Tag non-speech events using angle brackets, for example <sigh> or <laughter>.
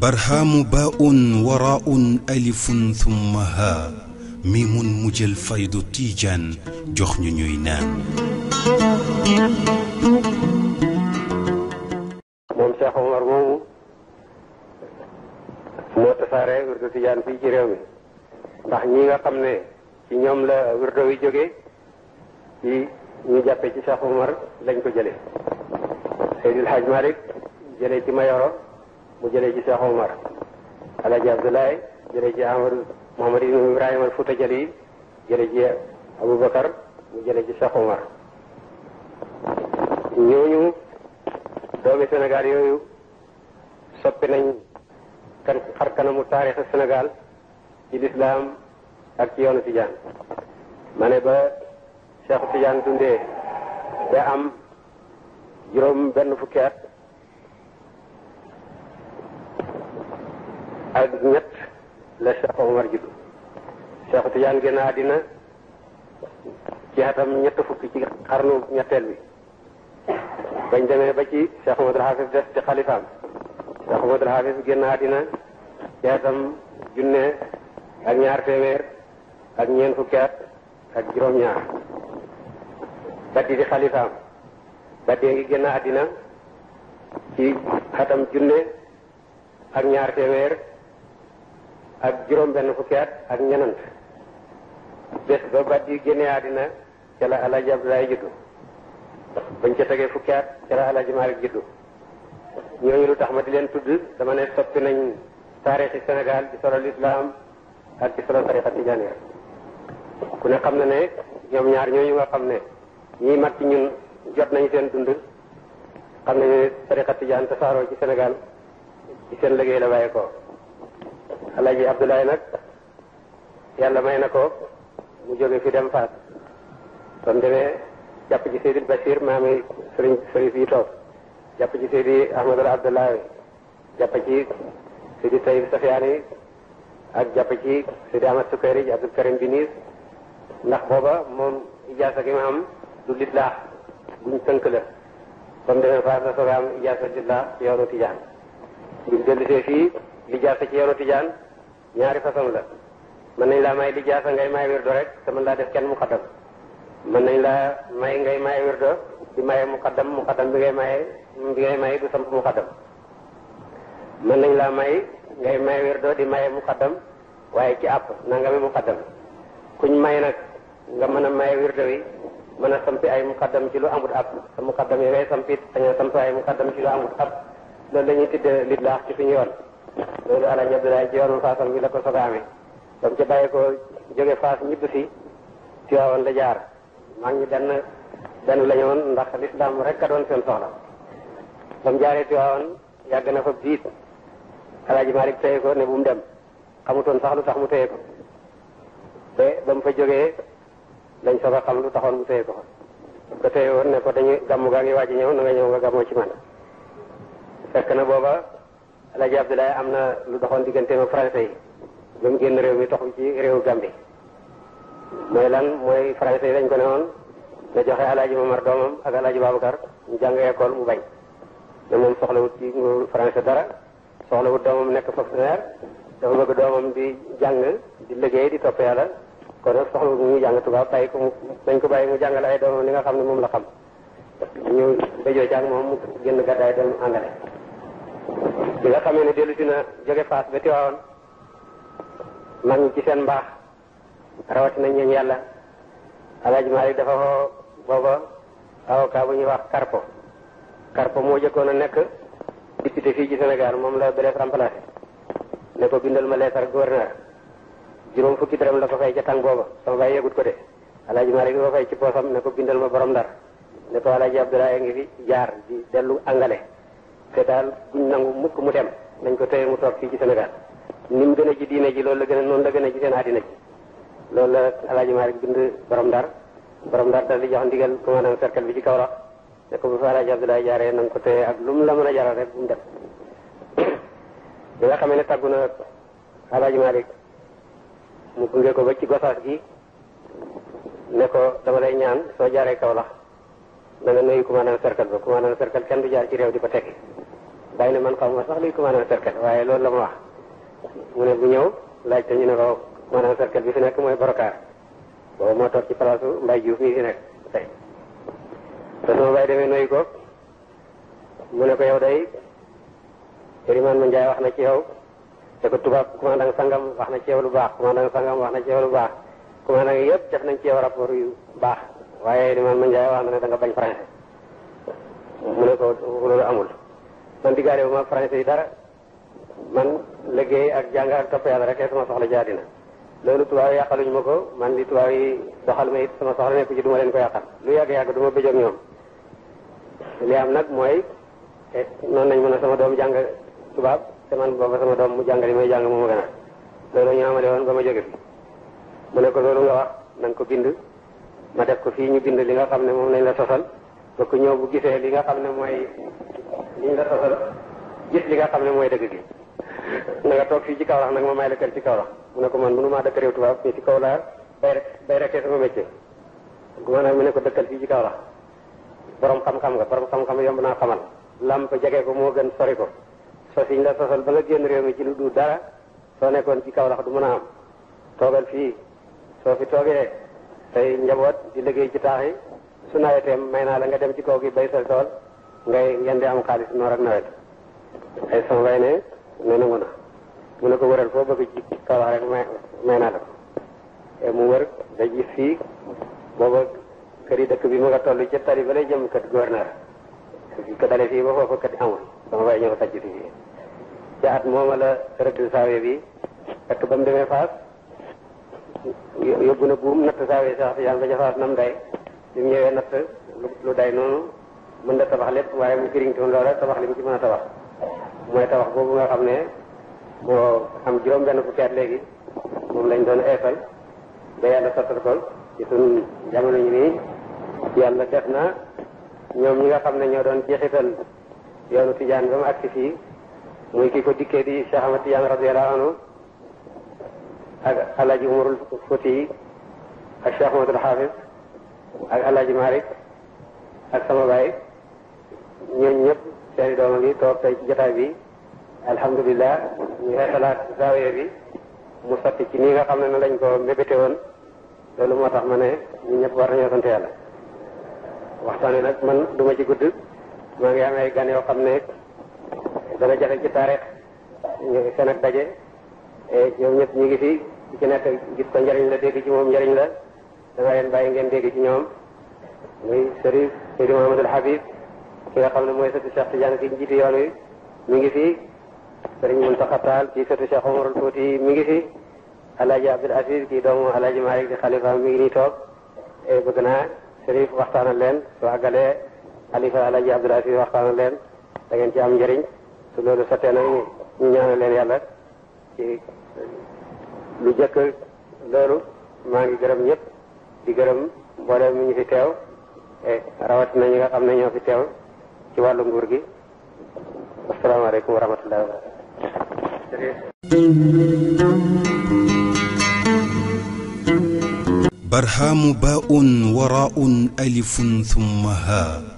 barhaamu baa'un waraa'un alifun thumma haa miimun mu jël faydu tiijaan jox ñu moom Cheikh Omar moomu moo tasaare wirdu tiijaan fii ci réew mi ndax ñi nga xam ne ci ñoom la wirdu wi jóge ñu jàppee ci Cheikh Omar lañ ko jëlee Seydil Hadj Malick jëlee ci Mayoro mu jële ci Cheikh Omar Alaji Abdoulaye jëlee ci Amadou Mohamad ibn Ibrahima al Fouta Jali jëlee ci Aboubacar mu jëlee ci Cheikh Omar ñooñu doomi Sénégal yooyu soppi nañ kan xar kanamu taarixu Sénégal ci lislaam ak ci yoonu Tijaan ma ne ba Cheikh Tidiane dundee ba am juróom benn fukki at ak ñett la Cheikh Omar juddu Cheikh Tidiane génn àddina ci atam ñett fukki ci xarnu ñetteel bi bañ demee ba ci Cheikh Omadou Hafiz des di xalifaam Cheikh Omadou Hafiz génn àddina ci atam junne ak ñaar téeméer ak ñeent fukki at ak juróom-ñaar baddi di ngi génn àddina ci xatam junne ak ñaar téeméer ak juróom benn fukki at ak ñenant bés ba baddi génnee àddina ca la alaaji Abdoulaye juddu bañ ca tegee fukki ca la alaaji Malick juddu ñooñu lu tax ma di leen tudd dama ne soppi nañ taarixi Sénégal ci solo lislaam ak ci solo tariqa tijaaniya ku ne xam na ne ñoom ñaar ñooñu nga xam ne ñii mag ci ñun jot nañ seen dund xam ne tariqa tijaan tasaaroo ci Sénégal ci seen liggéey la bàyyi ko ji Abdoulaye nag yàlla may na ko mu jóge fi dem Fass kon demee jàpp ci Seydil Bachir maami sëriñ sëriñ yi toog jàpp ci Seydi Ahmadul Abdoulaye jàpp ci Seydi Tayib Safiyaani ak jàpp ci Seydi Ahmad Sukayri Abdul Karim Binis ndax booba moom ijaasa gi am du litlaax guñ tënk la ba mu defee faar la soog a am ijaasa litlaax ci yoonu tijaan buñ dellisee fii lijaasa ci yoonu tijaan ñaari façon la mën nañ laa may lijaasa ngay may wirdo rek te mën laa def kenn muqaddam mën nañ laa may ngay may wirdo di maye muqaddam muqaddam bi ngay maye bi ngay may du samp muqaddam mën nañ laa may ngay may wirdo di maye muqaddam waaye ci àpp nangami muqaddam kuñ may nag nga mën a maye wirdo wi mën a sampi ay mukaddam ci lu amut ab sa mukaddam yi ngay sampit dañoo sampi ay mukaddam ci lu amut ab loolu la ñuy tudde litlaax ci suñu yoon loolu alaaj Abdoulaye ci yoonu faasam bi la ko soga amee ba mu bàyyi ko jóge faas ñibb si Tiwaawan la jaar maa ngi benn benn la ndax lislaam rek a doon seen soxla ba mu jaaree Tiwaawan yàgg na fa biit alaaji Malick téye ko ne bu mu dem xamutoon sax lu tax mu téye ko te ba fa jógee lañ soog a xam lu taxoon mu téye ko fa ko téye woon ne ko dañuy gàmmu gaa ngi wàcc ñëw na nga ñëw nga gàmmoo ci man fekk na booba Alaaji Abdoulaye am na lu doxoon digganteem ak français yi ba mu génn réew mi toxu ci réewu Gambie mooy lan mooy français yi dañ ko ne woon na joxe Alaaji Momar doomam ak Alaaji Babacar ñu jàng école mu bañ ne moom soxlawut ci nguuru français dara soxlawut doomam nekk fonctionnaire dafa bëgg doomam di jàng di liggéey di top yàlla kon nag soxla bu muy jàng tubaab bàyyi ko dañ ko bàyyi mu jàngale ay doomam li nga xam ne moom la xam ñu dajoo jàng moom mu génn gàddaay dem angale bi nga xam ne dellu si na jóge faas ba tiwaawoon mag ci seen mbaax rawatina ñeeñ yàlla Alaaji Maalik dafa xoo booba avocat bu ñuy wax Carpo Carpo moo jëkkoon a nekk député fii ci Sénégal moom la Blaise remplacé ne ko bindal ma leetar gouverneur juróom fukki dërëm la ko fay ca tàng booba sama baay yegut ko de alaaji Maalik ko fay ci poosam ne ko bindal ma borom ndar ne ko alaaji Abdoulaye ngi te mu dem nañ ko téye mu ci Sénégal ni mu gën a ji diine ji la gën a noonu la gën a la alaaji Maalik bind borom ndar borom ndar dal di jox ndigal commandant cercle bi ci Kaolack ne ko bu fa alaaji Abdoulaye jaaree na ko téye ak lu la a jaral rek bu mu dem <coughs> bi nga xamee ne tàggu na alaaji Maalik mu gunge ko ba ci gosaas gi ne ko dama lay ñaan soo jaaree Kaolack na nga nuyu commandant cercle ba commandant cercle kenn bu jaar ci réew di ko teg bàyyi ne man xaw ma sax luy commandant cercle waaye loolu la ma wax mu ne bu ñëw laaj te ñu ne ko commandant cercle bi fi nekk mooy Borokaar boobu moo toog ci place Mbaye Diouf mii fi nekk tey te sama bàyyi demee nuyu ko mu ne ko yow day Elimane Ndiaye wax na ci yow te ko tubaab commandant sangam wax na ceew lu baax commandant sangam wax na ci yow lu baax commandant yëpp def nañ ci yow yu baax waaye li man ma Ndiaye wax na ne da nga bañ français mu ne ko loolu amul man diggaale gale ma français yi dara man liggéey ak jàng ak topp yàlla rek sama soxla jaadi na loolu tubaab yi yàqaluñu ma ko man di tubaab yi doxal ma it sama soxla nekk ci du ma leen ko yàqal lu yàgg-yàgg du ma bëjoo ak ñoom li nag mooy eh, noonu nañ mën a sama doom jàng tubaab te man booba sama doom mu jàngali may jàng moom gën a ñu amale woon ba ma fi mu ne ko loolu nga wax nañ ko bind ma def ko fii ñu bind li nga xam ne lañ la sosal ba ku ñëw bu gisee li nga xam ne mooy liñ la gis li nga xam ne mooy gi nga toog fii ci kaw rax nag ma may la kër ci kaw rax mu ne ko man mënumaa dëkk ci kaw bay rek bay sama mu ne ko dëkkal ci kaw borom xam-xam nga borom xam-xam yomb xamal lamp ko gën sori ko fas yiñ la fasal ba nga génn réew mi ci lu du dara soo nekkoon ci kaw lax du mën a am toogal fii soo fi toogee tey njaboot di liggéey ci taax yi su naweteem may naa la nga dem ci kaw gi bay sa tool ngay ngeen di am xaalis noor ak nawet ay son lay ne ne nangu na mu ne ko wëral foo bëgg ci kaw rek may may naa la ko mu wër da ji fii booba kër yi dëkk bi mu nga toll ci tali ba lay jëm kat gouverneur ko dalee fii ba foofu kat amul sama bay ñëw sàcc fii ca at mooma la rëdd saawe bi fekk ba mu demee faas yóbbu na buum natt saawe si wax ba ca faas nam day bi ñëwee natt lu day noonu mën na tabax lépp waaye mu firiñ toon loola tabax li mu ci mën a tabax mooy tabax boobu nga xam ne moo am juróom benn fukki at léegi moom lañ doon eefal ba yàlla sottal ko ci suñ jamono ñu nii yàlla def na ñoom ñi nga xam ne ñoo doon jeexital yoonu tijaan ba mu agsi fii muy ki ko dikkee di Cheikh Ahmad Tidiane radiyallahu anhu ak El Hadj Umarul Fouti ak Cheikh Ahmadul Hafiz ak El Hadj ak sama baay ñooñu ñëpp seeni doomam yi toog tey ci jotaay bi alhamdulilah ñu xeetalaat zaawiya bi mu sotti ci nii nga xam ne na lañ ko mébété woon loolu moo tax ma ne ñu ñëpp war nañoo sant yàlla waxtaan wi nag man duma ci gudd maa ngi am gan yoo xam ne. dana jafe ci taarix ñu daje ñoom ñëpp ñu ngi fi ci nekk gis ko njëriñ la dégg ci moom njariñ la dama leen bàyyi ngeen dégg ci ñoom muy Sëriñ Sëriñ Muhammadul Habib ki nga mooy sëtu Cheikh Tidiane ki njiitu yoon wi mi ngi fi Sëriñ Muntaxa Taal ci sëtu mi ngi fi Alaaji Abdul Aziz kii doomu Alaaji Malik di xalifa mi ngi nii toog bëgg naa Sëriñ waxtaanal leen su àggalee xalifa Alaaji Abdul Aziz waxtaanal leen dangeen ci am njëriñ su loolu sottee nag ñu leen yàlla lu jëkk loolu maa ngi gërëm ñëpp di gërëm mboolem mi ñu fi teew rawatina ñi nga xam ne fi teew ci wàllu nguur gi asalaamaaleykum wa rahmatullahi wa barhaamu baaun waraun alifun haa